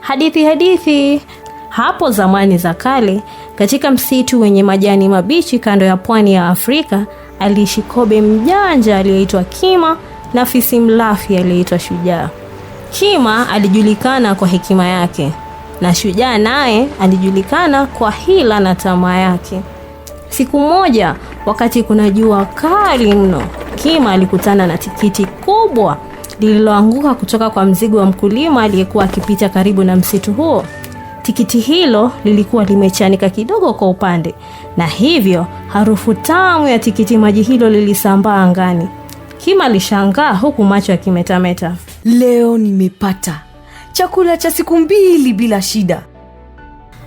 Hadithi hadithi. Hapo zamani za kale, katika msitu wenye majani mabichi kando ya pwani ya Afrika, aliishi kobe mjanja aliyeitwa Kima na fisi mlafi aliyeitwa Shujaa. Kima alijulikana kwa hekima yake na Shujaa naye alijulikana kwa hila na tamaa yake. Siku moja wakati kuna jua kali mno, Kima alikutana na tikiti kubwa lililoanguka kutoka kwa mzigo wa mkulima aliyekuwa akipita karibu na msitu huo. Tikiti hilo lilikuwa limechanika kidogo kwa upande, na hivyo harufu tamu ya tikiti maji hilo lilisambaa angani. Kima alishangaa huku macho yakimetameta. Leo nimepata chakula cha siku mbili bila shida.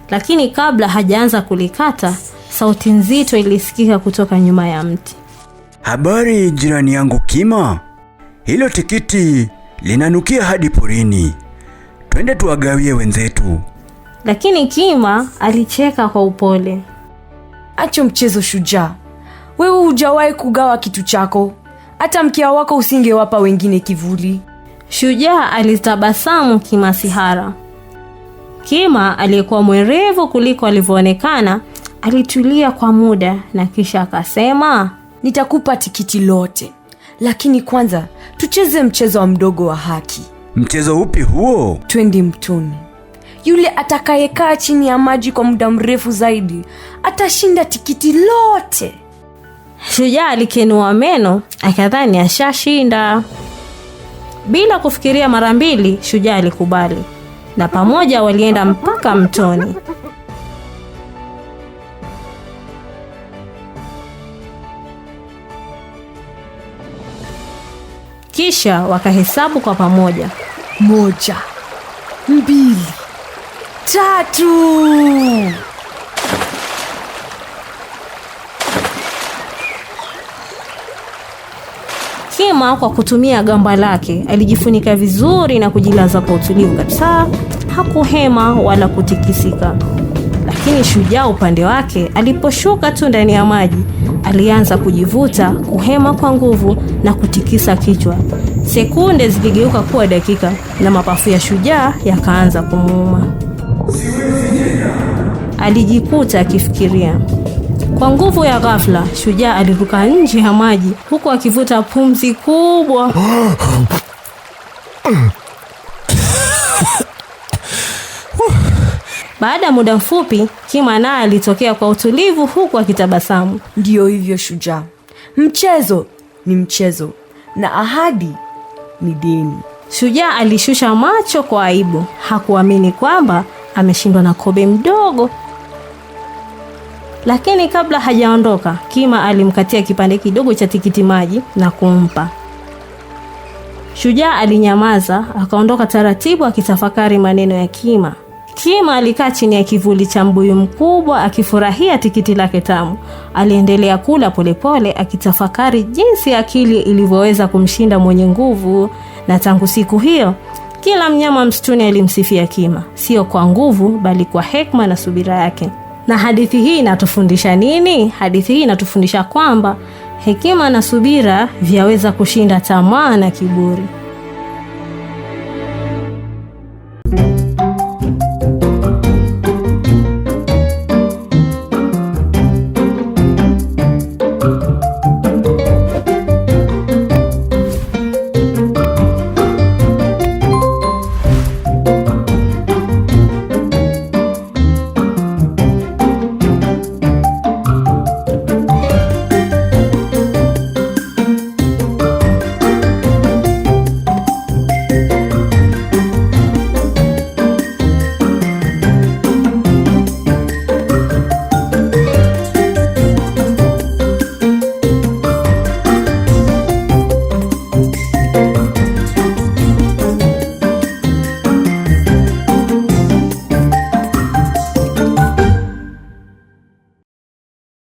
Lakini kabla hajaanza kulikata sauti nzito ilisikika kutoka nyuma ya mti. Habari jirani yangu Kima, hilo tikiti linanukia hadi porini, twende tuwagawie wenzetu. Lakini Kima alicheka kwa upole. acho mchezo shujaa, wewe hujawahi kugawa kitu chako, hata mkia wako usingewapa wengine kivuli. Shujaa alitabasamu kimasihara. Kima aliyekuwa mwerevu kuliko alivyoonekana Alitulia kwa muda na kisha akasema, nitakupa tikiti lote, lakini kwanza tucheze mchezo wa mdogo wa haki. Mchezo upi huo? Twende mtoni. Yule atakayekaa chini ya maji kwa muda mrefu zaidi atashinda tikiti lote. Shujaa alikenua meno akadhani ashashinda. Bila kufikiria mara mbili, Shujaa alikubali na pamoja walienda mpaka mtoni. Kisha wakahesabu kwa pamoja, moja, mbili, tatu. Kima kwa kutumia gamba lake alijifunika vizuri na kujilaza kwa utulivu kabisa. Hakuhema wala kutikisika. Lakini shujaa upande wake, aliposhuka tu ndani ya maji Alianza kujivuta, kuhema kwa nguvu na kutikisa kichwa. Sekunde zikigeuka kuwa dakika na mapafu ya shujaa yakaanza kumuuma. Alijikuta akifikiria. Kwa nguvu ya ghafla, shujaa aliruka nje ya maji huku akivuta pumzi kubwa. Baada ya muda mfupi, Kima naye alitokea kwa utulivu huku akitabasamu. Ndiyo hivyo shujaa, mchezo ni mchezo na ahadi ni deni. Shujaa alishusha macho kwa aibu, hakuamini kwamba ameshindwa na kobe mdogo. Lakini kabla hajaondoka, Kima alimkatia kipande kidogo cha tikiti maji na kumpa. Shujaa alinyamaza, akaondoka taratibu akitafakari maneno ya Kima. Kima alikaa chini ya kivuli cha mbuyu mkubwa akifurahia tikiti lake tamu. Aliendelea kula polepole akitafakari jinsi akili ilivyoweza kumshinda mwenye nguvu, na tangu siku hiyo kila mnyama msituni alimsifia Kima, sio kwa nguvu, bali kwa hekma na subira yake. Na hadithi hii inatufundisha nini? Hadithi hii inatufundisha kwamba hekima na subira vyaweza kushinda tamaa na kiburi.